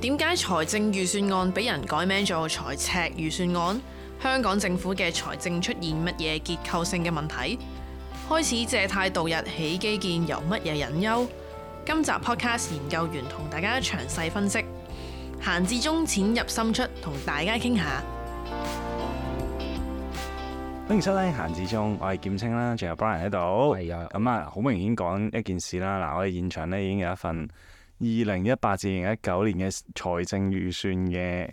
點解財政預算案俾人改名做財赤預算案？香港政府嘅財政出現乜嘢結構性嘅問題？開始借貸度日起基建由乜嘢隱憂？今集 Podcast 研究員同大家詳細分析。閒置中淺入深出，同大家傾下。歡迎收聽閒置中，我係劍青啦，仲有 Brian 喺度。係啊的，咁啊，好明顯講一件事啦。嗱，我哋現場呢已經有一份。二零一八至二零一九年嘅財政預算嘅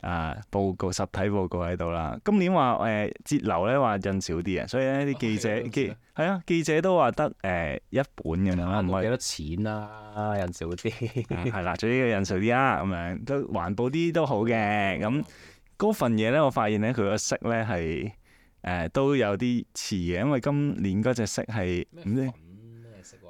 啊報告，實體報告喺度啦。今年話誒、呃、節流咧，話印少啲啊，所以咧啲記者嘅係啊，記者都話得誒、呃、一本咁樣啦，唔係幾多錢啦、啊，印少啲係啦，最緊要印少啲啦，咁樣都環保啲都好嘅。咁嗰份嘢咧，我發現咧佢個色咧係誒都有啲似嘅，因為今年嗰隻色係唔知。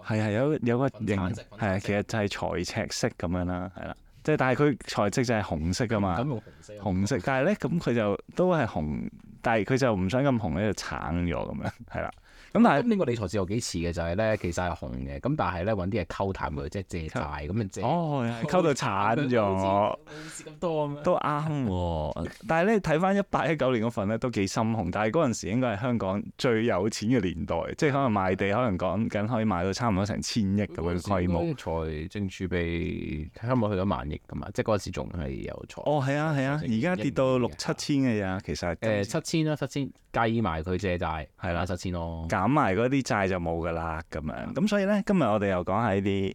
係係有有個形係啊，其實就係財赤色咁樣啦，係啦，即係但係佢財赤就係紅色噶嘛，色紅色，但係咧咁佢就都係紅，但係佢就唔想咁紅咧，就橙咗咁樣，係啦。咁但係呢個理財自有幾似嘅就係咧，其實係紅嘅，咁但係咧揾啲係溝淡佢，即係借債咁啊借，哦，溝到慘咗，咁多咩？都啱喎，但係咧睇翻一八一九年嗰份咧都幾深紅，但係嗰陣時應該係香港最有錢嘅年代，即係可能賣地可能講緊可以賣到差唔多成千億咁嘅規模，財政儲備，香港去咗萬億噶嘛，即係嗰陣時仲係有財。哦係啊係啊，而家跌到六七千嘅嘢，其實誒七千啦七千，計埋佢借債係啦七千咯。減埋嗰啲債就冇㗎喇，咁樣咁所以咧，今日我哋又講下呢啲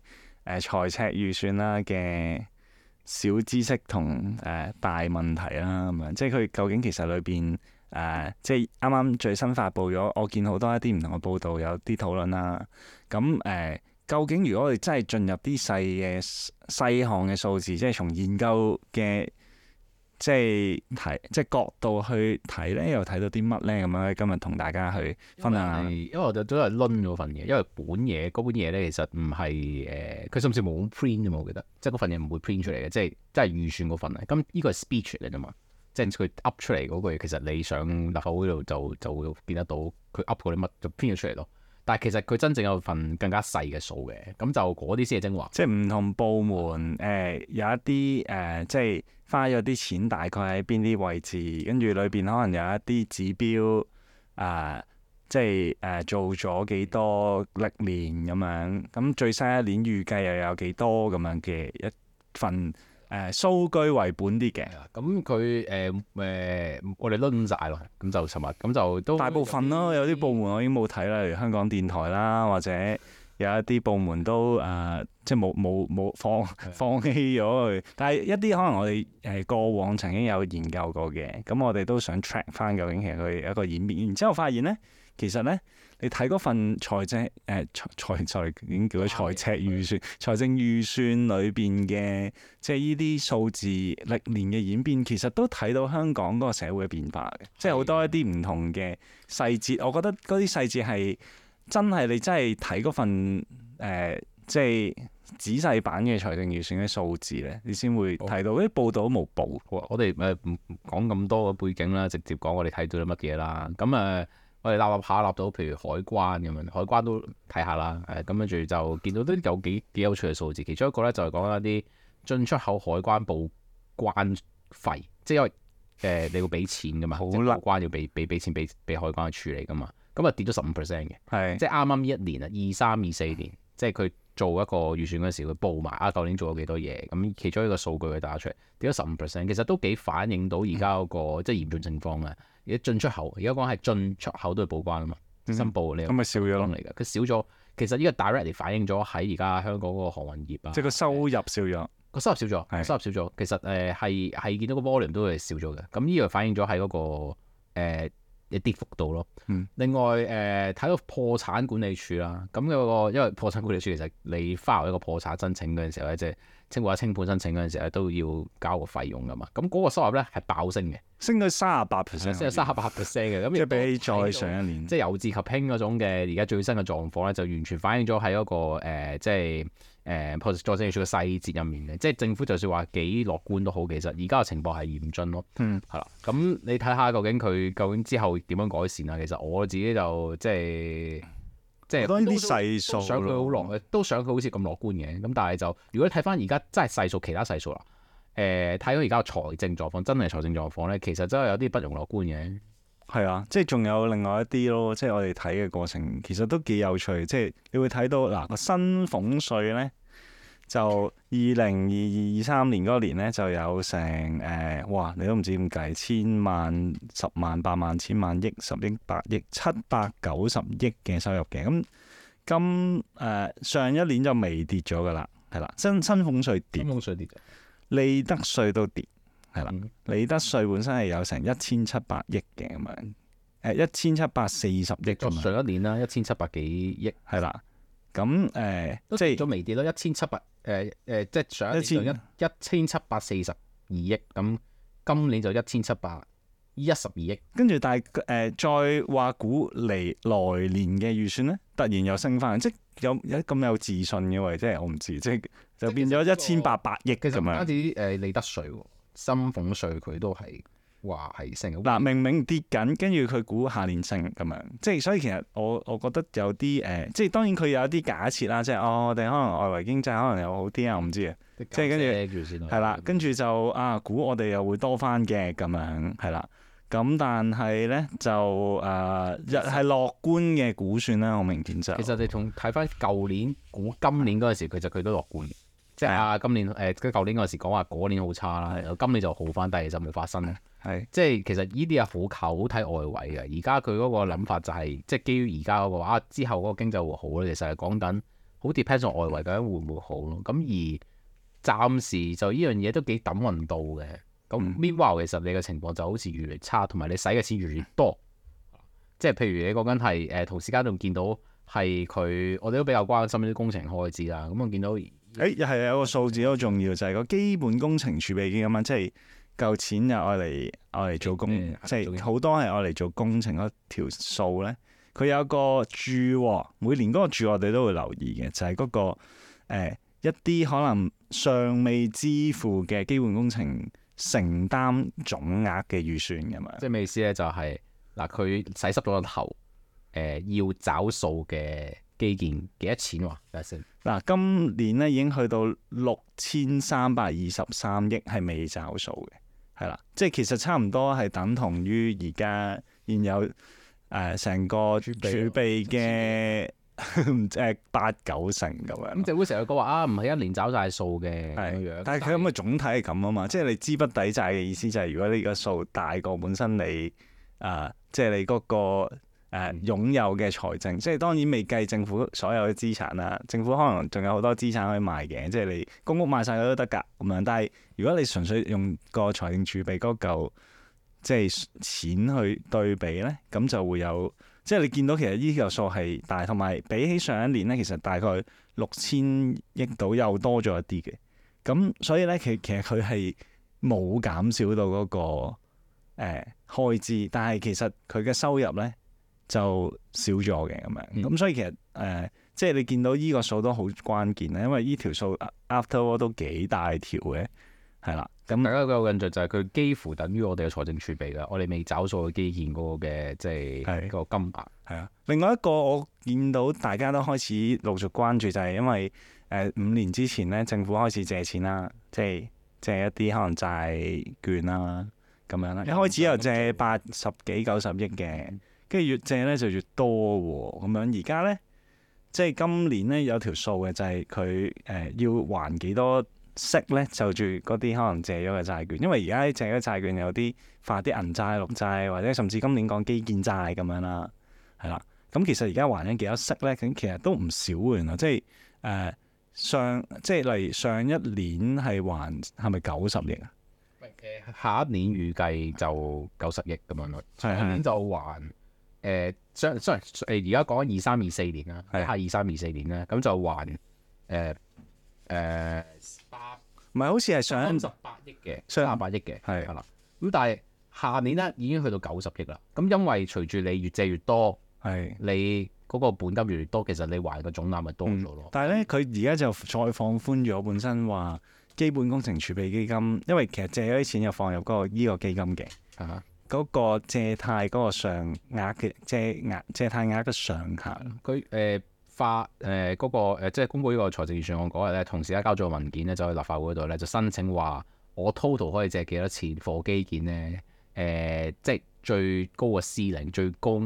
誒財赤預算啦嘅小知識同誒大問題啦，咁樣即係佢究竟其實裏邊誒即係啱啱最新發布咗，我見好多一啲唔同嘅報道有啲討論啦。咁誒、呃、究竟如果我哋真係進入啲細嘅細項嘅數字，即係從研究嘅。即係睇即係角度去睇咧，又睇到啲乜咧？咁樣今日同大家去分享。因為我就都係攤咗份嘢，因為本嘢嗰本嘢咧，其實唔係誒，佢、呃、甚至冇 print 啫嘛，我記得，即係嗰份嘢唔會 print 出嚟嘅，即係即係預算嗰份啊。咁呢個係 speech 嚟啫嘛，即係佢 up 出嚟嗰句，其實你上立法會度就就會見得到佢 up 嗰啲乜就 print 咗出嚟咯。但係其實佢真正有份更加細嘅數嘅，咁就嗰啲先係精華。即係唔同部門誒、呃、有一啲誒、呃，即係花咗啲錢，大概喺邊啲位置，跟住裏邊可能有一啲指標，誒、呃、即係誒、呃、做咗幾多歷年咁樣，咁最新一年預計又有幾多咁樣嘅一份。誒、呃、數據為本啲嘅，咁佢誒誒，我哋攤晒咯，咁就尋日，咁就都大部分咯，有啲部門我已經冇睇啦，例如香港電台啦，或者有一啲部門都誒、呃，即係冇冇冇放放棄咗佢，但係一啲可能我哋誒過往曾經有研究過嘅，咁我哋都想 track 翻究竟，其實佢有一個演變，然之後發現咧，其實咧。你睇嗰份財政誒、啊、財財財，財，已經叫咗財赤預算，財政預算裏邊嘅即係呢啲數字歷年嘅演變，其實都睇到香港嗰個社會嘅變化嘅，的即係好多一啲唔同嘅細節。我覺得嗰啲細節係真係你真係睇嗰份誒，即、呃、係、就是、仔細版嘅財政預算嘅數字咧，你先會睇到。啲的報道都冇報。我哋誒唔講咁多嘅背景啦，直接講我哋睇到啲乜嘢啦。咁誒。呃我哋立立下立，立到，譬如海關咁樣，海關都睇下啦。誒、嗯，咁跟住就見到都有幾幾有趣嘅數字。其中一個咧就係、是、講一啲進出口海關報關費，即係因為誒、呃、你要俾錢噶嘛，海關要俾俾俾錢俾俾海關去處理噶嘛。咁、嗯、啊跌咗十五 percent 嘅，是即係啱啱一年啊，二三二四年，即係佢。做一個預算嗰時佢報埋啊，究竟做咗幾多嘢？咁其中一個數據佢打出嚟，跌咗十五 percent，其實都幾反映到而家嗰個、嗯、即係嚴重情況啊！而家進出口，而家講係進出口都係報關啊嘛，申報、嗯嗯、你咁好咪少咗嚟㗎？佢少咗，其實呢個 direct 反映咗喺而家香港嗰個航運業啊，即係個收入少咗，個、嗯、收入少咗，的收入少咗，其實誒係係見到個 volume 都係少咗嘅。咁呢個反映咗喺嗰個、呃呃一啲幅度咯，另外誒、呃、睇到破產管理處啦，咁個個因為破產管理處，其實你 file 一個破產申請嗰陣時候咧，即係。清戶清盤申請嗰陣時咧都要交個費用噶嘛，咁嗰個收入咧係爆升嘅，升到三十八 percent，即係三十八 percent 嘅，咁一比再上一年，即係有志及拼嗰種嘅，而家最新嘅狀況咧就完全反映咗喺一個誒、呃，即係誒 process details 嘅細節入面嘅，即係政府就算話幾樂觀都好，其實而家嘅情況係嚴峻咯，嗯，係啦，咁你睇下究竟佢究竟之後點樣改善啊？其實我自己就即係。即係都係啲細數想佢好樂，都想佢好似咁樂觀嘅。咁但係就，如果你睇翻而家真係細數其他細數啦，誒睇到而家財政狀況真係財政狀況咧，其實真係有啲不容樂觀嘅。係啊，即係仲有另外一啲咯，即係我哋睇嘅過程其實都幾有趣。即係你會睇到嗱個、啊、薪俸稅咧。就二零二二二三年嗰年咧，就有成誒、呃、哇！你都唔知點計，千萬、十萬、八萬、千萬、億、十億、百億、七百九十億嘅收入嘅。咁、嗯、咁，誒、嗯、上一年就微跌咗噶啦，係啦，薪薪俸稅跌，薪俸稅跌，利得稅都跌，係、嗯、啦，嗯、利得稅本身係有成一千七百億嘅咁樣，誒一千七百四十億咁。上一年啦，一千七百幾億，係啦，咁誒都跌咗微跌咯，一千七百。誒誒、呃呃，即係上一年一一千七百四十二億，咁今年就一千七百一十二億。跟住，但係誒，再話估嚟來，來年嘅預算咧，突然又升翻，即係有有咁有自信嘅喎，即係我唔知，即係就變咗一千八百億嘅，就其實唔單止誒利得稅，薪俸稅佢都係。話係升嗱，明明跌緊，跟住佢估下年升咁樣，即係所以其實我我覺得有啲誒、呃，即係當然佢有啲假設啦，即係我我哋可能外圍經濟可能又好啲啊，我唔知啊，即係跟住係啦，跟住就啊估我哋又會多翻嘅咁樣，係啦，咁但係咧就誒日係樂觀嘅估算啦，我明點顯就其實你從睇翻舊年估今年嗰陣時，佢就佢都樂觀，對即係啊今年誒跟舊年嗰陣時講話嗰年好差啦，今年就好翻、啊，但係就冇發生。係是、就是，即係其實呢啲啊好靠，好睇外圍嘅。而家佢嗰個諗法就係，即係基於而家嘅話，之後嗰個經濟會好咧。其實係講緊好 depend on 外圍究竟會唔會好咯。咁而暫時就呢樣嘢都幾抌運到嘅。咁 Meanwhile，其實你嘅情況就好似越嚟越差，同埋你使嘅錢越嚟越多。即係譬如你講緊係誒，同時間仲見到係佢，我哋都比較關心呢啲工程開支啦。咁我見到誒、哎，又係有個數字好重要，就係、是、個基本工程儲備金咁樣，即係。嚿錢又愛嚟愛嚟做工程，即係好多係愛嚟做工程嗰條數咧。佢有個註，每年嗰個註我哋都會留意嘅，就係嗰個誒一啲可能尚未支付嘅基本工程承擔總額嘅預算咁樣。即係咩意思咧？就係嗱，佢洗濕咗個頭，誒要找數嘅基建幾多錢喎？睇先。嗱，今年咧已經去到六千三百二十三億係未找數嘅。係啦，即係其實差唔多係等同於而家現有誒成個儲備嘅誒 八九成咁樣。咁政府成日講話啊，唔係一年找晒數嘅，係，但係佢咁嘅總體係咁啊嘛，即係你資不抵債嘅意思就係，如果你個數大過本身你啊、呃，即係你嗰、個。誒擁有嘅財政，即係當然未計政府所有嘅資產啦。政府可能仲有好多資產可以賣嘅，即係你公屋賣晒佢都得㗎咁樣。但係如果你純粹用個財政儲備嗰嚿即係錢去對比咧，咁就會有即係你見到其實呢嚿數係大，同埋比起上一年咧，其實大概六千億到又多咗一啲嘅。咁所以咧，其、其實佢係冇減少到嗰個誒開支，但係其實佢嘅收入咧。就少咗嘅咁樣，咁、嗯、所以其實誒、呃，即係你見到依個數都好關鍵啦，因為依條數 after all 都幾大條嘅，係啦。咁大家個印象就係佢幾乎等於我哋嘅財政儲備嘅，我哋未找數嘅基建嗰個嘅即係個金額。係啊，另外一個我見到大家都開始陸續關注就係、是、因為誒五年之前咧，政府開始借錢啦，即係借一啲可能債券啦咁樣啦，一開始又借八十幾九十億嘅。跟住越借咧就越多喎，咁樣而家咧，即係今年咧有條數嘅、呃，就係佢誒要還幾多息咧，就住嗰啲可能借咗嘅債券，因為而家借咗債券有啲發啲銀債、綠債，或者甚至今年講基建債咁樣啦，係啦。咁其實而家還緊幾多息咧？咁其實都唔少㗎原來、就係呃，即係誒上即係例如上一年係還係咪九十億啊？下一年預計就九十億咁樣咯，係呀，上年就還。誒，sorry 誒，而家講二三二四年啦，係二三二四年啦，咁就還誒誒，唔、uh, 係、uh, 好似係上十八億嘅，上廿八億嘅，係啦是。咁但係下年咧已經去到九十億啦。咁因為隨住你越借越多，係是你嗰個本金越多，其實你還嘅總額咪多咗咯、嗯。但係咧，佢而家就再放寬咗本身話基本工程儲備基金，因為其實借咗啲錢又放入嗰個依個基金嘅。嗰個借貸嗰個上額嘅借額、借貸額嘅上限，佢誒發誒嗰個、呃、即係公布呢個財政預算案嗰日咧，同時咧交咗個文件咧，就去立法會度咧，就申請話我 total 可以借幾多錢 for 基建咧？誒、呃，即係最高嘅司令，最高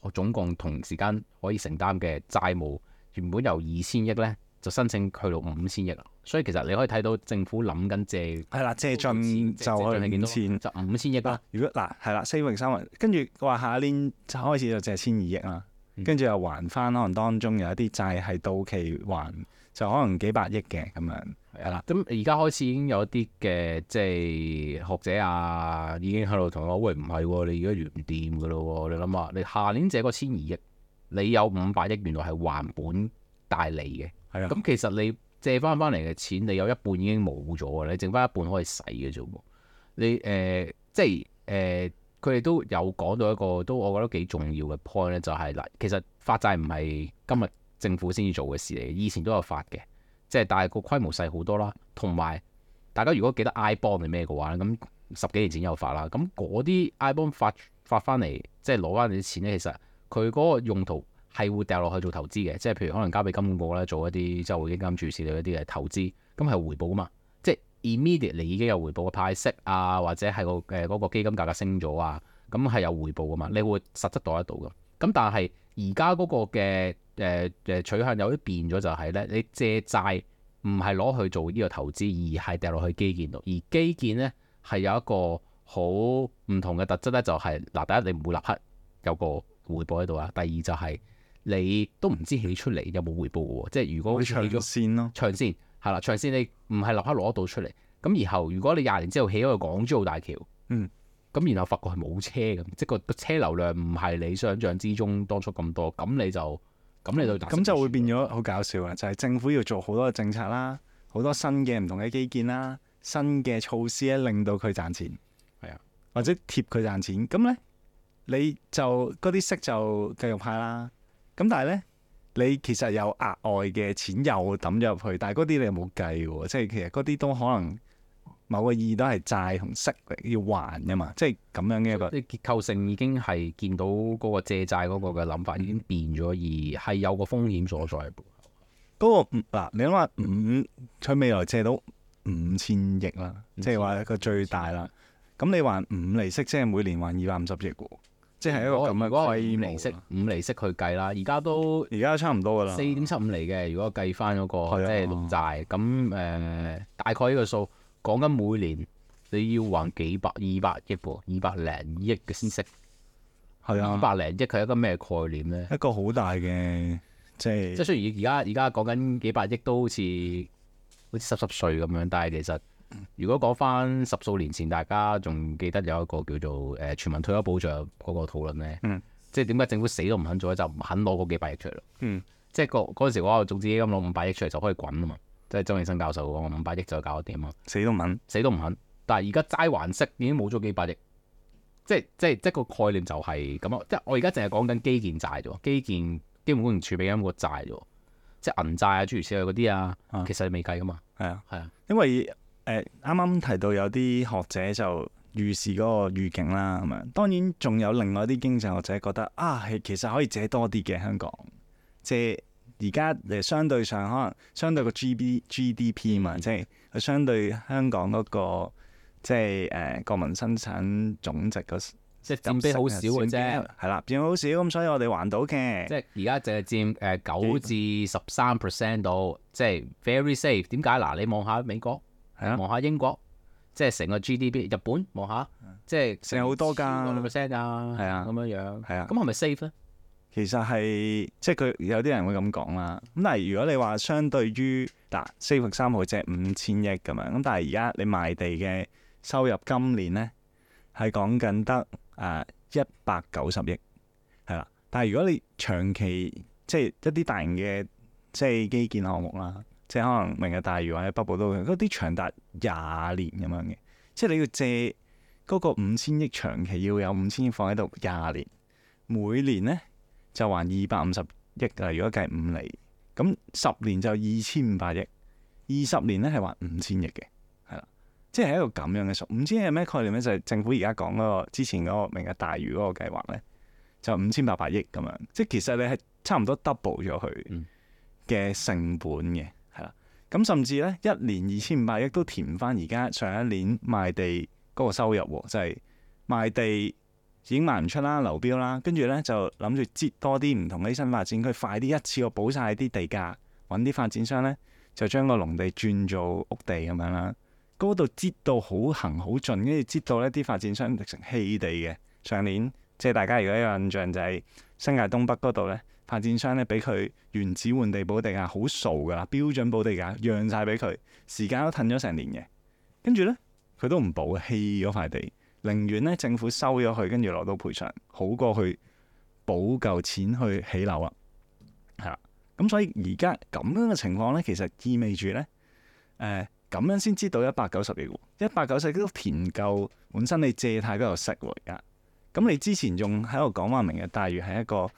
我總共同時間可以承擔嘅債務，原本由二千億咧。就申請去到五千億啦，所以其實你可以睇到政府諗緊借係啦，借進就可能以見到就五千億啦，啊。如果嗱係啦，四零三萬，跟住佢話下一年就開始就借千二億啦，跟住又還翻，可能當中有一啲債係到期還，就可能幾百億嘅咁樣係啦。咁而家開始已經有一啲嘅即係學者啊，已經喺度同我喂唔係喎，你而家唔掂嘅咯，你諗下，你下年借個千二億，你有五百億原來係還本。大利嘅，係啊，咁其實你借翻翻嚟嘅錢，你有一半已經冇咗啦，你剩翻一半可以使嘅啫喎。你誒、呃，即係誒，佢、呃、哋都有講到一個都，我覺得幾重要嘅 point 咧，就係、是、嗱，其實發債唔係今日政府先至做嘅事嚟，以前都有發嘅，即係但係個規模細好多啦。同埋大家如果記得 I bond 係咩嘅話咧，咁十幾年前有發啦，咁嗰啲 I bond 發發翻嚟，即係攞翻你啲錢咧，其實佢嗰個用途。係會掉落去做投資嘅，即係譬如可能交俾金管局咧做一啲即係匯基金注資到一啲嘅投資，咁係回報啊嘛，即係 immediately 已經有回報嘅派息啊，或者係個誒嗰個基金價格升咗啊，咁係有回報噶嘛，你會實質到得到噶。咁但係而家嗰個嘅誒誒取向有啲變咗，就係咧你借債唔係攞去做呢個投資，而係掉落去基建度，而基建咧係有一個好唔同嘅特質咧，就係、是、嗱第一你唔會立刻有個回報喺度啊，第二就係、是。你都唔知起出嚟有冇回報喎，即係如果起咗，長線咯，長線係啦，長線你唔係立刻攞得到出嚟。咁然後如果你廿年之後起一個港珠澳大橋，嗯，咁然後發覺係冇車嘅，即係個車流量唔係你想像之中當初咁多，咁你就咁你就咁就會變咗好搞笑啊！就係、是、政府要做好多政策啦，好多新嘅唔同嘅基建啦，新嘅措施咧令到佢賺錢，係啊，或者貼佢賺錢。咁咧你就嗰啲息就繼續派啦。咁但係咧，你其實有額外嘅錢又抌入去，但係嗰啲你又冇計喎，即係其實嗰啲都可能某個意義都係債同息要還㗎嘛，即係咁樣嘅一個。即結構性已經係見到嗰個借債嗰個嘅諗法已經變咗，嗯、而係有個風險所在嘅。嗰、嗰個嗱、啊，你諗下五，佢未來借到五千億啦，千即係話一個最大啦。咁千你還五厘息，即係每年還二百五十億喎。即係一個咁嘅，如果五厘息，五厘息去計啦。而家都而家差唔多噶啦。四點七五厘嘅，如果計翻嗰個即係發債，咁誒大概呢個數講緊每年你要還幾百二百億喎，二百零億嘅先息。係啊的，二百零億係一個咩概念咧？一個好大嘅、就是、即係即係雖然而家而家講緊幾百億都好似好似濕濕碎咁樣，但係其實。如果講翻十數年前，大家仲記得有一個叫做誒、呃、全民退休保障嗰個討論咧，嗯、即係點解政府死都唔肯做咧？就唔肯攞嗰幾百億出嚟咯。嗯、即係個嗰陣時嘅總之啲金攞五百億出嚟就可以滾啊嘛。即係周永新教授講五百億就搞得掂啊？死都唔肯，死都唔肯。但係而家齋還息已經冇咗幾百億，即係即係即係個概念就係咁即係我而家淨係講緊基建債啫喎，基建基本公用儲備金個債啫喎，即係銀債啊諸如此類嗰啲啊，其實未計噶嘛。係啊係啊，啊啊啊啊啊啊因為。誒啱啱提到有啲學者就預示嗰個預警啦。咁樣當然仲有另外一啲經濟學者覺得啊，係其實可以借多啲嘅，香港即係而家誒相對上可能相對個 G B G D P 嘛，即係佢相對香港嗰個即係誒、啊、國民生產總值個即係佔比好少嘅啫，係啦，佔好少咁，所以我哋還到嘅即係而家淨係佔誒九至十三 percent 度，即係 very safe。點解嗱？你望下美國。係啊，望下英國，即係成個 GDP 日本望下、啊，即係成好多間 percent 啊，係啊，咁樣樣，係啊，咁係咪 safe 咧？其實係，即係佢有啲人會咁講啦。咁但係如果你話相對於嗱，safe 三號借五千億咁樣，咁但係而家你賣地嘅收入今年咧係講緊得誒一百九十億，係啦、啊。但係如果你長期即係一啲大型嘅即係基建項目啦。即係可能明日大嶼或者北部都會嗰啲長達廿年咁樣嘅，即係你要借嗰個五千億長期要有五千億放喺度廿年，每年咧就還二百五十億啊。如果計五厘，咁十年就二千五百億，二十年咧係還五千億嘅，係啦，即係一個咁樣嘅數。五千億係咩概念咧？就係政府而家講嗰個之前嗰個明日大嶼嗰個計劃咧，就五千八百億咁樣，即係其實你係差唔多 double 咗佢嘅成本嘅。嗯咁甚至咧，一年二千五百億都填唔翻，而家上一年賣地嗰個收入，就係賣地已經賣唔出啦，流標啦，跟住呢，就諗住折多啲唔同嘅新發展區，佢快啲一次過補晒啲地價，揾啲發展商呢，就將個農地轉做屋地咁樣啦。嗰度折到好行好盡，跟住折到呢啲發展商直程棄地嘅。上年即係大家如果有印象，就係新界東北嗰度呢。發展商咧俾佢原址換地補地價好傻噶啦，標準補地價讓晒俾佢，時間都褪咗成年嘅，跟住呢，佢都唔補，棄咗塊地，寧願咧政府收咗佢，跟住攞到賠償，好過去補夠錢去起樓啊，係啦，咁所以而家咁樣嘅情況呢，其實意味住呢，誒、呃、咁樣先知道一百九十億，一百九十億都填夠，本身你借貸都有息回噶，咁你之前仲喺度講話明日大嶼係一個。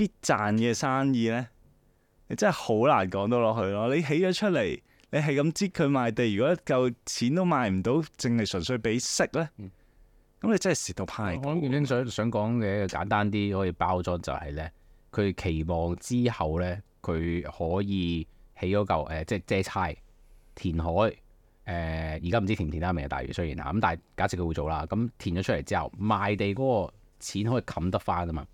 必賺嘅生意咧，你真係好難講到落去咯。你起咗出嚟，你係咁擠佢賣地，如果一嚿錢都賣唔到，淨係純粹俾息咧，咁你真係蝕到派。我原先想想講嘅一個簡單啲可以包裝就係咧，佢期望之後咧，佢可以起嗰嚿即係遮差填海誒。而家唔知填唔填得明日大嶼，雖然啊，咁但係假設佢會做啦。咁填咗出嚟之後，賣地嗰個錢可以冚得翻啊嘛。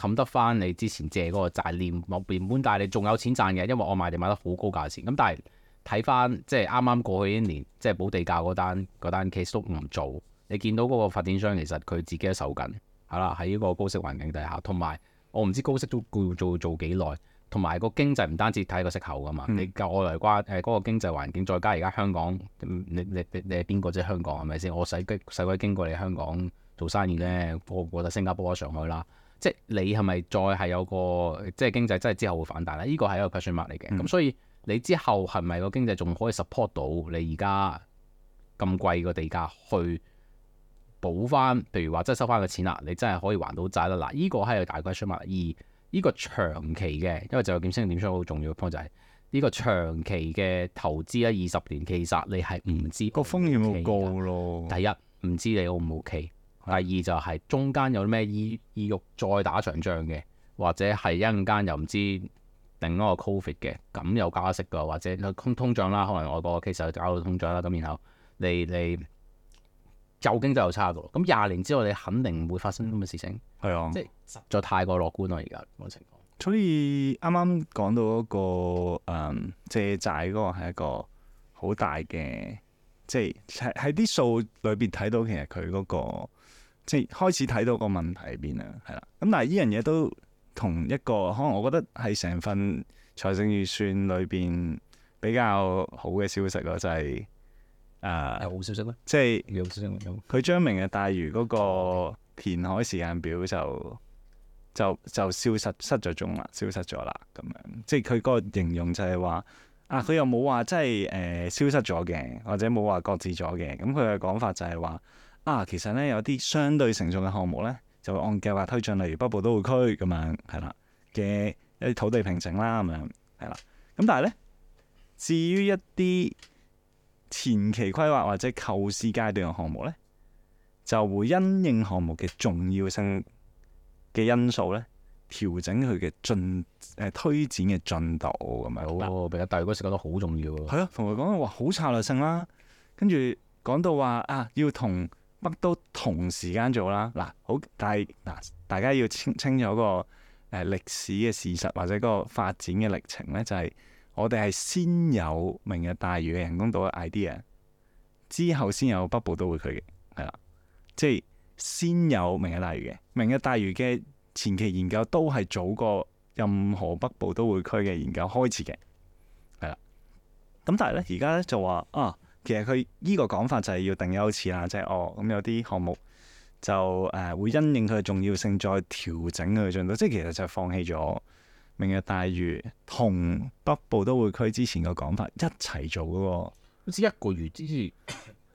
冚得翻你之前借嗰個債，連冇連本，但係你仲有錢賺嘅，因為我賣地賣得好高價錢。咁、嗯、但係睇翻即係啱啱過去一年，即係補地價嗰單嗰單 case 都唔做。你見到嗰個發展商其實佢自己都手緊，係啦，喺呢個高息環境底下，同埋我唔知高息都會會做做做幾耐。同埋個經濟唔單止睇個息口㗎嘛，嗯、你外來瓜誒嗰個經濟環境，再加而家香港，你你你你係邊個啫？香港係咪先？我使鬼使鬼經過你香港做生意咧，我過得新加坡、上海啦。即你係咪再係有個即係經濟真係之後會反彈咧？呢個係一個 question mark 嚟嘅。咁、嗯、所以你之後係咪個經濟仲可以 support 到你而家咁貴個地價去補翻？譬如話即係收翻個錢啦，你真係可以還到債啦。嗱，呢個係個大 question mark。而呢個長期嘅，因為就有升點升點衰好重要嘅 point 就係、是、呢、呢個長期嘅投資呀。二十年其實你係唔知個風險好高咯。第一唔知你 O 唔 O K？第二就係中間有咩意意欲再打場仗嘅，或者係一間又唔知定一個 Covid 嘅，咁有加息嘅，或者通通脹啦，可能外國其實搞到通脹啦，咁然後你你就經濟又差到，咁廿年之後你肯定唔會發生咁嘅事情。係啊，即係實在太過樂觀咯，而家個情況。所以啱啱講到嗰、嗰個、嗯、借債嗰個係一個好大嘅，即係喺啲數裏邊睇到其實佢嗰、嗰個。即係開始睇到個問題邊啦，係啦。咁但係依樣嘢都同一個，可能我覺得係成份財政預算裏邊比較好嘅消息咯，就係、是、誒，係、呃、好消息咯。即係佢將明日大漁嗰個填海時間表就就就消失失咗蹤啦，消失咗啦咁樣。即係佢嗰個形容就係話啊，佢又冇話真係誒、呃、消失咗嘅，或者冇話擱置咗嘅。咁佢嘅講法就係話。啊，其實咧有啲相對成熟嘅項目咧，就會按計劃推進，例如北部都會區咁樣，係啦嘅一啲土地平整啦，咁樣係啦。咁但係咧，至於一啲前期規劃或者構思階段嘅項目咧，就會因應項目嘅重要性嘅因素咧，調整佢嘅進誒推展嘅進度咁樣。好，比較大個時覺得好重要。係啊，同佢講話好策略性啦、啊，跟住講到話啊，要同。北都同時間做啦，嗱好，但係嗱，大家要清清楚個誒歷史嘅事實或者嗰個發展嘅歷程咧，就係、是、我哋係先有明日大嶼嘅人工島嘅 idea，之後先有北部都會區嘅，係啦，即係先有明日大嶼嘅，明日大嶼嘅前期研究都係早過任何北部都會區嘅研究開始嘅，係啦，咁但係咧，而家咧就話啊。其實佢依個講法就係要定優次啦，即係，哦，咁有啲項目就誒會因應佢嘅重要性再調整佢嘅進度，即係其實就放棄咗明日大嶼同北部都會區之前嘅講法一齊做嗰個，好似一個月之前，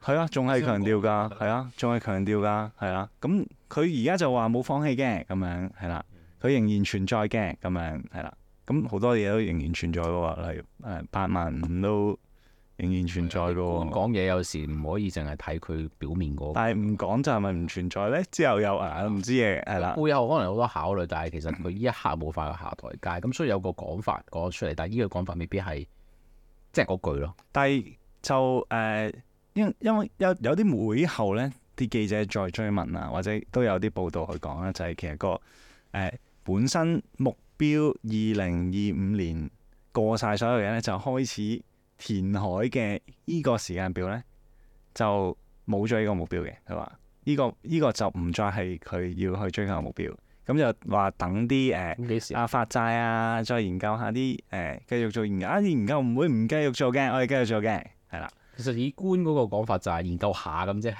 係啊，仲係強調㗎，係啊，仲係強調㗎，係啊，咁佢而家就話冇放棄嘅，咁樣係啦，佢仍然存在嘅，咁樣係啦，咁好多嘢都仍然存在嘅喎，例如誒八萬五都，仍然存在嘅喎，講嘢、嗯、有時唔可以淨係睇佢表面嗰、嗰個。但係唔講就係咪唔存在呢？之後又，啊、嗯，唔知嘅係啦，會有可能好多考慮。但係其實佢一刻冇法去下台階，咁所以有個講法講出嚟。但係呢個講法未必係即係嗰句咯。但係就誒、呃，因因為有有啲會後呢，啲記者再追問啊，或者都有啲報道去講啦，就係、是、其實個誒、呃、本身目標二零二五年過晒所有嘢呢，就開始。填海嘅呢個時間表呢，就冇咗呢個目標嘅，係嘛？呢、呢個呢、呢個就唔再係佢要去追求嘅目標。咁就話等啲誒、呃、啊發債啊，再研究一下啲誒、呃，繼續做研究。啲、啊、研究唔會唔繼續做嘅，我哋繼續做嘅，係啦。其實以官嗰個講法就係研究下咁啫。就是、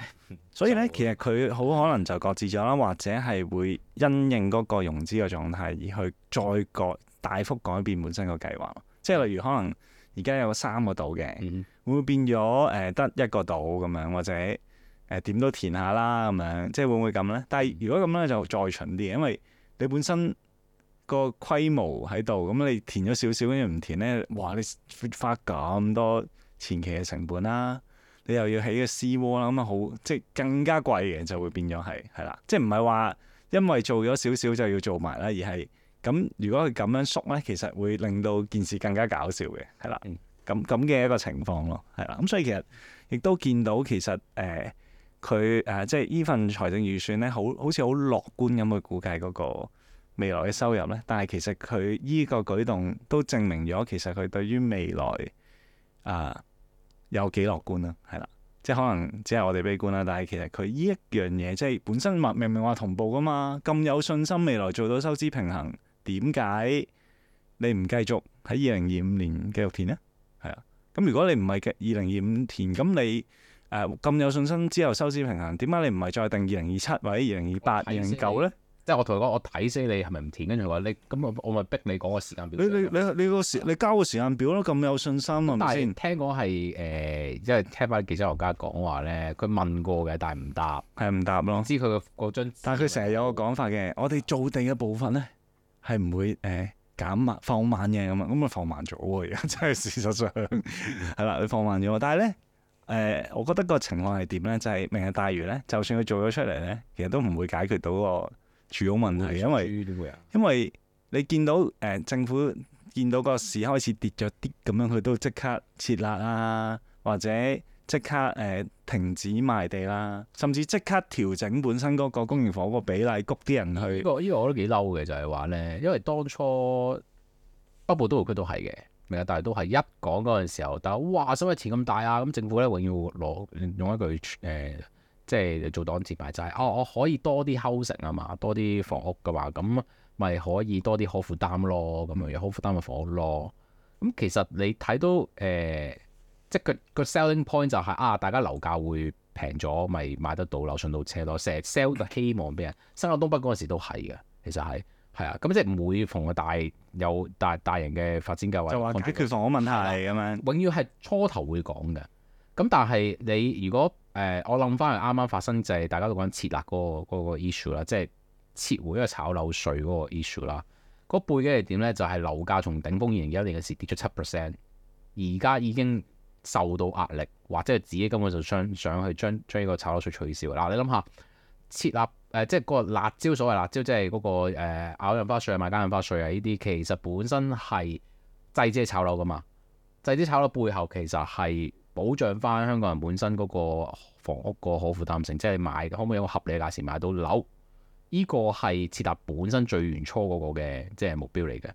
所以呢，會其實佢好可能就擱置咗啦，或者係會因應嗰個融資嘅狀態而去再改大幅改變本身個計劃，即係例如可能。而家有三個島嘅，嗯、會唔會變咗誒得一個島咁樣，或者誒點、呃、都填下啦咁樣，即係會唔會咁咧？但係如果咁咧，就再蠢啲，因為你本身個規模喺度，咁你填咗少少，跟住唔填咧，哇！你花咁多前期嘅成本啦，你又要起個 C 窩啦，咁啊好，即係更加貴嘅就會變咗係係啦，即係唔係話因為做咗少少就要做埋啦，而係。咁如果佢咁樣縮咧，其實會令到件事更加搞笑嘅，係啦。咁咁嘅一個情況咯，係啦。咁所以其實亦都見到其實誒，佢、呃、誒，即係依份財政預算咧，好好似好樂觀咁去估計嗰個未來嘅收入咧。但係其實佢依個舉動都證明咗其實佢對於未來啊、呃、有幾樂觀啊，係啦。即係可能只係我哋悲觀啦，但係其實佢依一樣嘢即係本身明明話同步噶嘛，咁有信心未來做到收支平衡。點解你唔繼續喺二零二五年繼續填咧？係啊，咁如果你唔係二零二五填，咁你誒咁有信心之後收支平衡，點解你唔係再定二零二七或者二零二八、二零二九咧？即係我同佢講，我睇死你係咪唔填？跟住佢話你咁我我咪逼你講個時間表。你你你你個時你交個時間表咯，咁有信心係咪先？聽講係誒，因為聽翻記者學家講話咧，佢問過嘅，但係唔答，係唔答咯。知佢嘅嗰張，但係佢成日有個講法嘅，我哋做地嘅部分咧。係唔會誒、欸、減慢放慢嘅咁啊，咁啊放慢咗喎，而家真係事實上係啦，佢 放慢咗。但係咧誒，我覺得個情況係點咧？就係、是、明日大魚咧，就算佢做咗出嚟咧，其實都唔會解決到個儲有問題，會因為因為你見到誒、呃、政府見到個市開始跌咗啲咁樣，佢都即刻撤辣啊，或者。即刻誒、呃、停止賣地啦，甚至即刻調整本身嗰個公營房屋嗰個比例，谷啲人去。依、這個依、這個我都幾嬲嘅，就係話咧，因為當初北部都會區都係嘅，明啊，但係都係一講嗰陣時候，但係哇，收入錢咁大啊，咁、嗯、政府咧永遠攞用一句誒、呃，即係做檔次賣就係，哦，我可以多啲抽成啊嘛，多啲房屋嘅嘛，咁咪可以多啲可負擔咯，咁咪有可負擔嘅房屋咯。咁、嗯、其實你睇到誒。呃即係 selling point 就係、是、啊，大家樓價會平咗，咪買得到樓上到車多。成 sell 就希望俾人。新界東北嗰陣時都係嘅，其實係係啊。咁、嗯、即係每逢個大有大大型嘅發展嘅位，就話解決房問題咁樣。永遠係初頭會講嘅。咁、嗯、但係你如果誒、呃，我諗翻嚟啱啱發生就係大家都講撤辣嗰個 issue 啦，即係撤回一個炒樓稅嗰個 issue 啦。個背景係點咧？就係、是、樓價從頂峰二零一年嘅時跌出七 percent，而家已經。受到壓力，或者自己根本就想想，想去將將呢個炒樓稅取消嗱、啊。你諗下設立誒、呃，即係個辣椒所謂辣椒，即係嗰、那個誒、呃、咬人印花稅啊，買家印花稅啊，呢啲其實本身係制止炒樓噶嘛。制止炒樓背後其實係保障翻香港人本身嗰個房屋個可負擔性，即係買可唔可以有個合理價錢買到樓？呢、這個係設立本身最原初嗰個嘅即係目標嚟嘅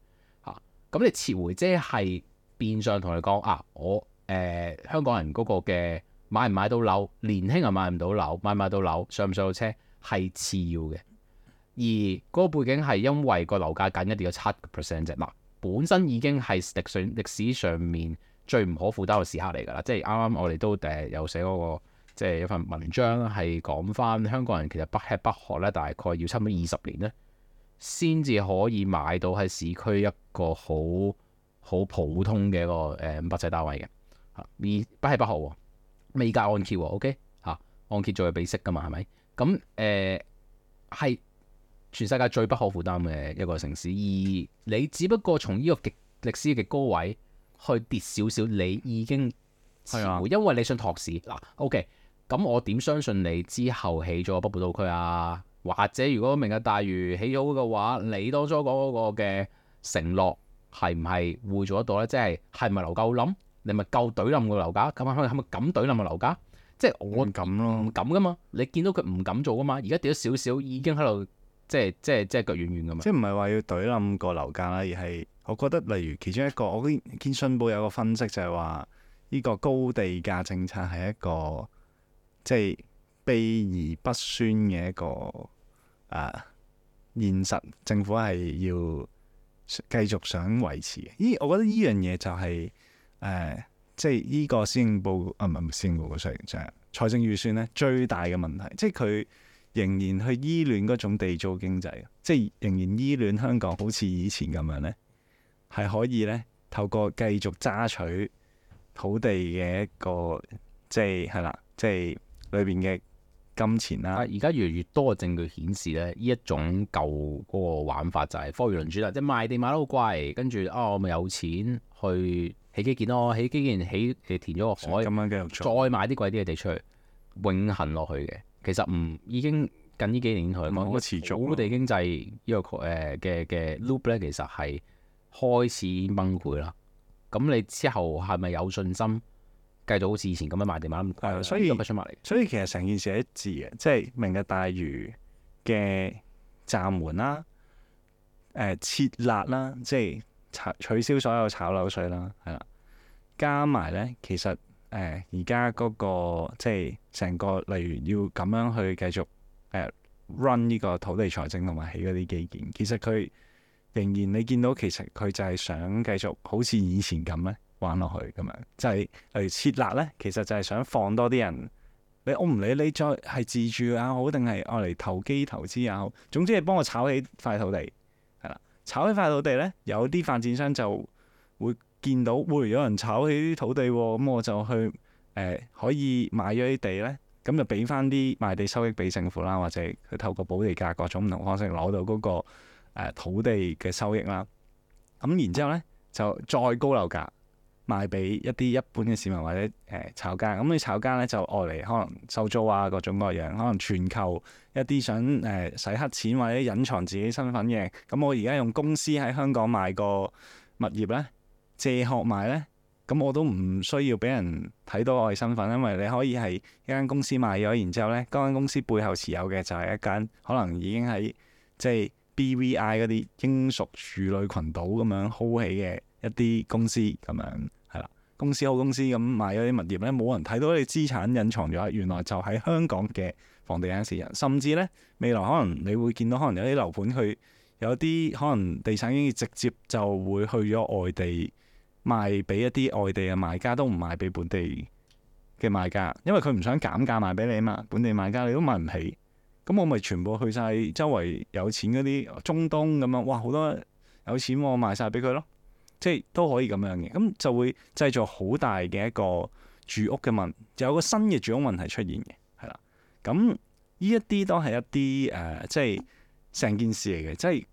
嚇。咁、啊、你撤回即係變相同你講啊，我。誒、呃、香港人嗰個嘅買唔買到樓，年輕人買唔到樓，買唔買到樓，上唔上到車係次要嘅。而嗰個背景係因為個樓價緊一定要七個 percent 啫。嗱、呃，本身已經係歷上歷史上面最唔可負擔嘅時刻嚟㗎啦。即係啱啱我哋都誒、呃、有寫嗰個即係一份文章係講翻香港人其實不吃不喝咧，大概要差唔多二十年呢，先至可以買到喺市區一個好好普通嘅一個誒五百呎單位嘅。而不係不好、哦，未價按揭喎、哦。O K 吓，按揭仲係比息噶嘛？係咪咁？誒，係、呃、全世界最不可負擔嘅一個城市。而你只不過從呢個極歷史嘅高位去跌少少，你已經係啊，因為你想托市嗱。O K，咁我點相信你之後起咗北部都區啊？或者如果明日大嶼起咗嘅話，你當初嗰個嘅承諾係唔係會做得到咧？即係係咪留夠諗？你咪夠懟冧個樓價，咁啊，係咪敢懟冧個樓價？即係我敢咯，敢噶嘛？你見到佢唔敢做噶嘛？而家跌咗少少，已經喺度即係即係即係腳軟軟咁嘛。即係唔係話要懟冧個樓價啦？而係我覺得，例如其中一個，我見信報有個分析就係話，呢、這個高地價政策係一個即係、就是、秘而不宣嘅一個啊現實，政府係要繼續想維持嘅。咦，我覺得呢樣嘢就係、是。誒、啊，即係呢個先報，啊唔係唔先報嘅，所以就係財政預算咧，最大嘅問題，即係佢仍然去依戀嗰種地租經濟，即係仍然依戀香港好似以前咁樣咧，係可以咧透過繼續揸取土地嘅一個，即係係啦，即係裏邊嘅金錢啦、啊。而家越嚟越多嘅證據顯示咧，呢一種舊嗰個玩法就係貨如輪轉啦，即係賣地賣得好貴，跟住啊我咪有錢去。起基建咯，起基建起誒填咗個海，咁樣繼續再買啲貴啲嘅地出去，永恆落去嘅。其實唔已經近呢幾年佢冇得持續。土地經濟、這個呃、呢個誒嘅嘅 loop 咧，其實係開始崩潰啦。咁你之後係咪有信心繼續好似以前咁樣賣地買樓？係啊，所以用不、呃、以出賣嚟。所以其實成件事一字嘅，即係明日大嶼嘅暫緩啦，誒撤辣啦，即係。取消所有炒樓稅啦，係啦，加埋呢，其實誒而家嗰個即係成個例如要咁樣去繼續誒、呃、run 呢個土地財政同埋起嗰啲基建，其實佢仍然你見到其實佢就係想繼續好似以前咁咧玩落去咁樣，就係、是、例如撤辣呢，其實就係想放多啲人，你我唔理你再係自住也好定係愛嚟投機投資也好，總之你幫我炒起塊土地。炒起塊土地咧，有啲發展商就會見到，會有人炒起土地喎，咁我就去誒、呃、可以買咗啲地咧，咁就俾翻啲賣地收益俾政府啦，或者佢透過補地價各種唔同方式攞到嗰個土地嘅收益啦，咁然之後咧就再高樓價。賣俾一啲一般嘅市民或者誒、呃、炒家，咁、嗯、你炒家咧就外嚟可能收租啊，各種各樣，可能全球一啲想誒、呃、洗黑錢或者隱藏自己身份嘅。咁、嗯、我而家用公司喺香港買個物業咧，借殼買咧，咁、嗯、我都唔需要俾人睇到我嘅身份，因為你可以係一間公司買咗，然之後咧嗰間公司背後持有嘅就係一間可能已經喺即係 BVI 嗰啲英屬處女群島咁樣 hold 起嘅。一啲公司咁樣，係啦，公司好公司咁買咗啲物業呢，冇人睇到你資產隱藏咗，原來就喺香港嘅房地產市場。甚至呢未來可能你會見到，可能有啲樓盤去有啲可能地產經理直接就會去咗外地賣俾一啲外地嘅買家，都唔賣俾本地嘅買家，因為佢唔想減價賣俾你啊嘛。本地買家你都買唔起，咁我咪全部去晒周圍有錢嗰啲中東咁樣，哇好多有錢喎，賣曬俾佢咯。即係都可以咁樣嘅，咁就會製造好大嘅一個住屋嘅問題，就有個新嘅住屋問題出現嘅，係啦。咁呢一啲都係一啲誒，即係成件事嚟嘅，即係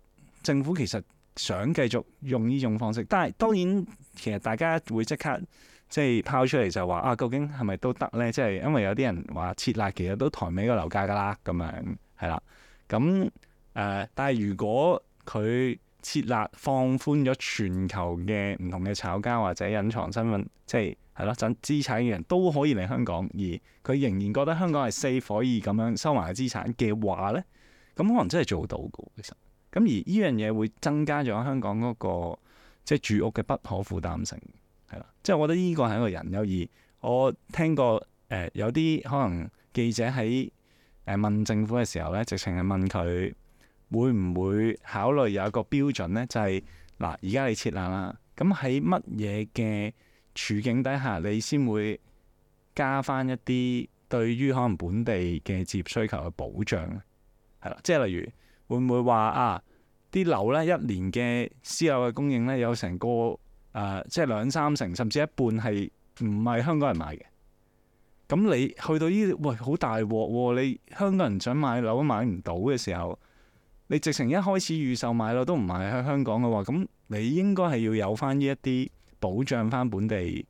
政府其實想繼續用呢種方式，但係當然其實大家會刻即刻即係拋出嚟就話啊，究竟係咪都得咧？即係因為有啲人話撤辣其實都抬尾個樓價噶啦，咁樣係啦。咁誒、呃，但係如果佢設立放寬咗全球嘅唔同嘅炒家或者隱藏身份，即係係咯，整資產嘅人都可以嚟香港，而佢仍然覺得香港係四 a f e 可以咁樣收埋資產嘅話呢，咁可能真係做到噶。其實咁而呢樣嘢會增加咗香港嗰、那個即係住屋嘅不可負擔性，係啦。即係我覺得呢個係一個人優異。而我聽過誒、呃、有啲可能記者喺誒問政府嘅時候呢，直情係問佢。會唔會考慮有一個標準呢？就係、是、嗱，而家你設立啦，咁喺乜嘢嘅處境底下，你先會加返一啲對於可能本地嘅置業需求嘅保障係啦，即係例如會唔會話啊？啲樓呢一年嘅私有嘅供應呢，有成個誒，即係兩三成甚至一半係唔係香港人買嘅？咁你去到呢啲，喂好大鑊喎！你香港人想買樓都買唔到嘅時候，你直情一開始預售買咯，都唔係喺香港嘅話，咁你應該係要有翻呢一啲保障翻本地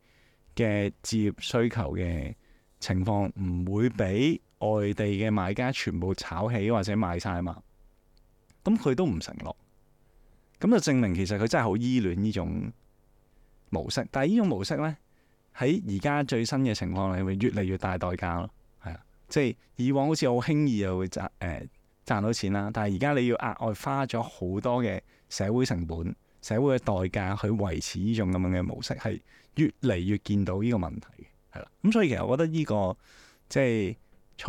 嘅置業需求嘅情況，唔會俾外地嘅買家全部炒起或者賣曬嘛。咁佢都唔承諾，咁就證明其實佢真係好依戀呢種模式。但係呢種模式呢，喺而家最新嘅情況裏面，越嚟越大代價咯。係啊，即係以往好似好輕易就會集、呃賺到錢啦，但係而家你要額外花咗好多嘅社會成本、社會嘅代價去維持呢種咁樣嘅模式，係越嚟越見到呢個問題嘅，係啦。咁所以其實我覺得呢、這個即係、就是、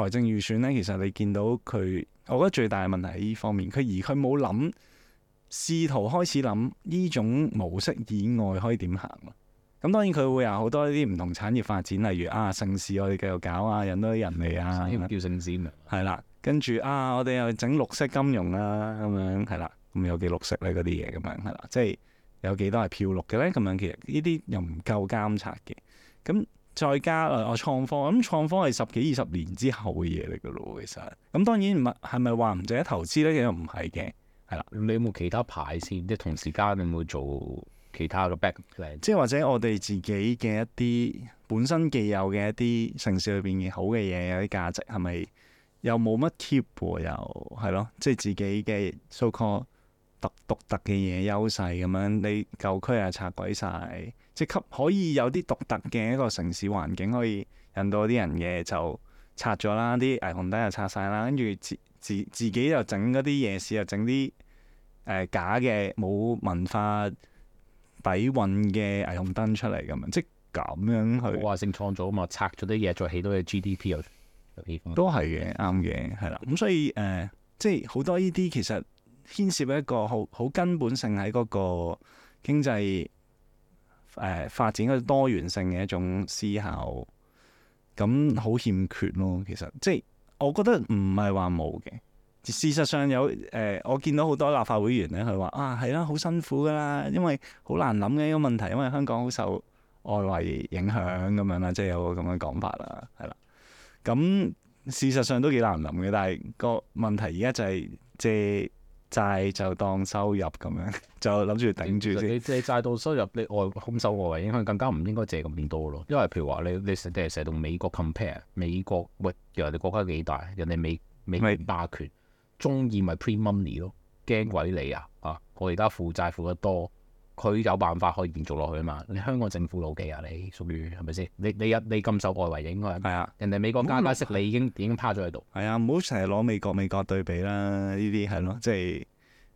財政預算呢，其實你見到佢，我覺得最大嘅問題喺呢方面，佢而佢冇諗試圖開始諗呢種模式以外可以點行。咁當然佢會有好多啲唔同產業發展，例如啊，盛事我哋繼續搞啊，引入啲人嚟啊，叫盛事啊，係啦。跟住啊，我哋又整綠色金融啦、啊，咁樣係啦，咁有幾綠色咧？嗰啲嘢咁樣係啦，即係有幾多係漂綠嘅咧？咁樣其實呢啲又唔夠監察嘅。咁再加我、呃、創科，咁、嗯、創科係十幾二十年之後嘅嘢嚟噶咯，其實。咁當然唔係係咪話唔值得投資咧？其實唔係嘅，係啦。你有冇其他牌先？即係同時加，你有冇做其他嘅 back 嚟？即係或者我哋自己嘅一啲本身既有嘅一啲城市裏邊嘅好嘅嘢，有啲價值係咪？又冇乜 keep 喎，又係咯，即係自己嘅 so called 獨特嘅嘢優勢咁樣。你舊區啊拆鬼晒，即係吸可以有啲獨特嘅一個城市環境可以引到啲人嘅就拆咗啦，啲霓虹燈又拆晒啦，跟住自自自己又整嗰啲夜市又整啲誒假嘅冇文化底蘊嘅霓虹燈出嚟咁樣，即係咁樣去破壞性創造啊嘛，拆咗啲嘢再起多嘅 GDP 又。都係嘅，啱嘅，係啦。咁所以誒、呃，即係好多呢啲，其實牽涉一個好好根本性喺嗰個經濟誒、呃、發展嘅多元性嘅一種思考，咁好欠缺咯。其實即係我覺得唔係話冇嘅，事實上有誒、呃，我見到好多立法會員咧，佢話啊係啦，好辛苦噶啦，因為好難諗嘅一個問題，因為香港好受外圍影響咁樣啦，即係有咁嘅講法啦，係啦。咁事實上都幾難諗嘅，但係個問題而家就係借債就當收入咁樣， 就諗住頂住先。你借債當收入，你外空手外圍影響，更加唔應該借咁多咯。因為譬如話，你你定係成日同美國 compare，美國喂，人哋國家幾大，人哋美美元霸權，中意咪美 print money 咯，驚鬼你啊！啊，我而家負債負得多。佢有辦法可以延續落去啊嘛？你香港政府老幾啊，你屬於係咪先？你你有你咁受外圍影響，係啊，人哋美國加加息，嗯、你已經已經趴咗喺度。係啊，唔好成日攞美國美國對比啦，呢啲係咯，啊就是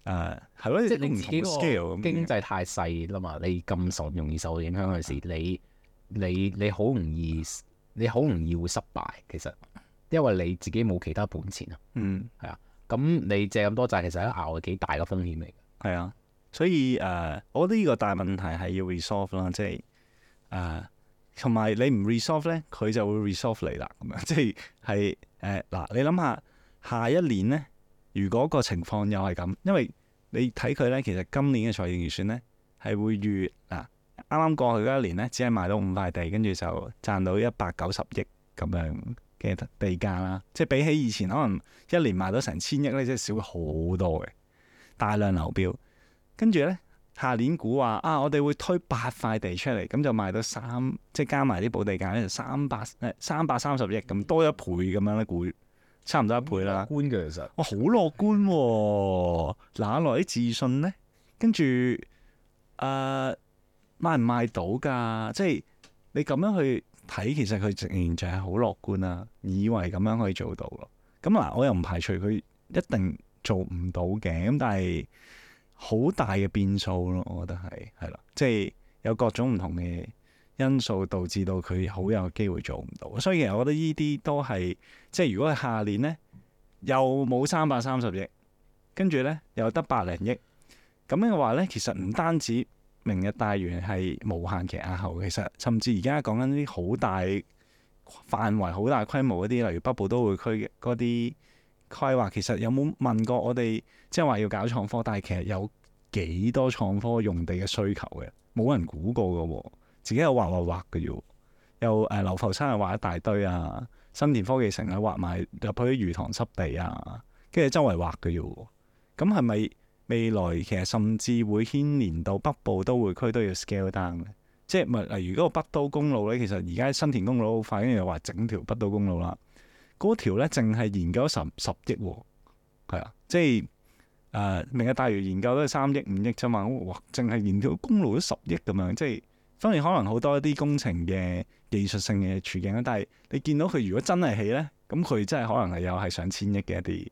呃啊、即係誒係咯，即係你唔夠 scale，自己經濟太細啦嘛，嗯、你咁受容易受到影響嘅事，你你你好容易你好容易會失敗，其實因為你自己冇其他本錢、嗯、啊。嗯，係啊，咁你借咁多債，其實一咬係幾大嘅風險嚟。係啊。所以誒、呃，我覺得呢個大問題係要 resolve 啦，即係誒，同、呃、埋你唔 resolve 咧，佢就會 resolve 你啦，咁樣即係係誒嗱，你諗下下一年咧，如果個情況又係咁，因為你睇佢咧，其實今年嘅財政預算咧係會預嗱啱啱過去嗰一年咧，只係賣到五塊地，跟住就賺到一百九十億咁樣嘅地價啦，即係比起以前可能一年賣到成千億咧，即係少好多嘅大量流標。跟住咧，下年估話啊，我哋會推八塊地出嚟，咁就賣到三，即係加埋啲補地價咧，就三百誒三百三十億咁多，多一倍咁樣咧，估差唔多一倍啦。樂觀嘅其實我好、哦、樂觀、哦，哪來啲自信呢，跟住誒賣唔賣到㗎？即係你咁樣去睇，其實佢仍然就係好樂觀啊，以為咁樣可以做到咯。咁嗱，我又唔排除佢一定做唔到嘅咁，但係。好大嘅變數咯，我覺得係係啦，即係有各種唔同嘅因素導致到佢好有機會做唔到。所以其實我覺得呢啲都係，即係如果係下年呢，又冇三百三十億，跟住呢又得百零億，咁嘅話呢，其實唔單止明日大嶼係無限期押後，其實甚至而家講緊啲好大範圍、好大規模嗰啲，例如北部都會區嘅嗰啲。規劃其實有冇問過我哋，即係話要搞創科，但係其實有幾多創科用地嘅需求嘅，冇人估過嘅，自己有畫畫畫嘅，又又誒，流浮山又畫一大堆啊，新田科技城啊，畫埋入去啲魚塘濕地啊，跟住周圍畫嘅，咋？咁係咪未來其實甚至會牽連到北部都會區都要 scale down 咧？即係例如嗰個北都公路咧，其實而家新田公路好快，跟住又話整條北都公路啦。嗰條咧淨係研究十十億喎，係啊，即係誒，明日大嶼研究都係三億五億咋嘛，哇！淨係研究公路都十億咁、啊、樣，即係反而可能好多一啲工程嘅技術性嘅處境啦。但係你見到佢如果真係起咧，咁佢真係可能係有係上千億嘅一啲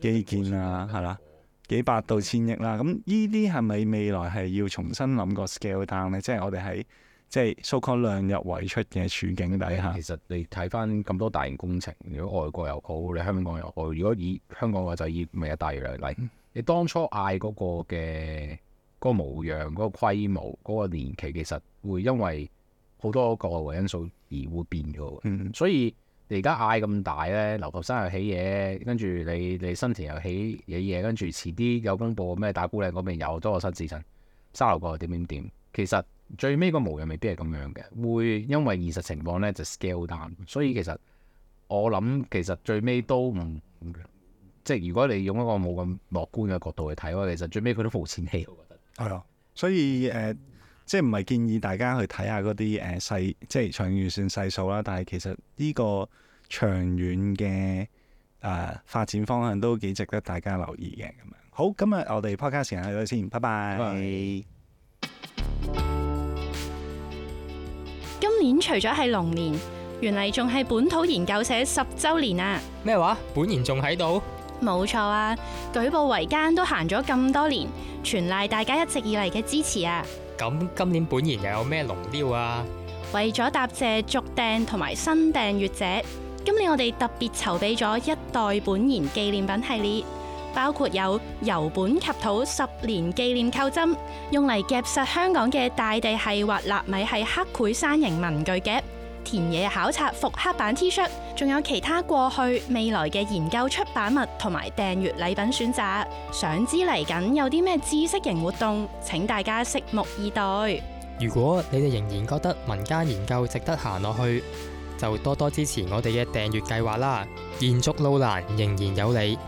基建啊，係啦、啊，幾百到千億啦。咁呢啲係咪未來係要重新諗個 scale down 咧？即係我哋喺。即係收購量入為出嘅處境底下，其實你睇翻咁多大型工程，如果外國又好，你香港又好，如果以香港嘅就以明日大嶼嚟、嗯、你當初嗌嗰個嘅嗰、嗰個模樣、嗰、嗰個規模、嗰、嗰個年期，其實會因為好多個因素而會變咗。嗯、所以你而家嗌咁大呢流浮山又起嘢，起跟住你你新田又起嘢嘢，跟住遲啲有公佈咩打鼓嶺嗰邊有多個新市鎮，沙頭角又點點點，其實。最尾個模樣未必係咁樣嘅，會因為現實情況咧就是、scale down，所以其實我諗其實最尾都唔即係如果你用一個冇咁樂觀嘅角度去睇嘅話，其實最尾佢都浮錢起，係啊，所以誒、呃、即係唔係建議大家去睇下嗰啲誒細即係財政預算細數啦，但係其實呢個長遠嘅誒、呃、發展方向都幾值得大家留意嘅咁樣。好，今日我哋 podcast 時間到先，拜拜。今年除咗係龍年，原嚟仲係本土研究社十周年啊！咩話？本研仲喺度？冇錯啊！舉步維艱都行咗咁多年，全賴大家一直以嚟嘅支持啊！咁今年本研又有咩龍雕啊？為咗答謝續訂同埋新訂閱者，今年我哋特別籌備咗一代本研紀念品系列。包括有由本及土十年紀念扣針，用嚟夾實香港嘅大地係或納米係黑繪山形文具夾田野考察複刻版 T 恤，仲有其他過去未來嘅研究出版物同埋訂閱禮品選擇。想知嚟緊有啲咩知識型活動，請大家拭目以待。如果你哋仍然覺得民間研究值得行落去，就多多支持我哋嘅訂閱計劃啦！延續路難，仍然有你。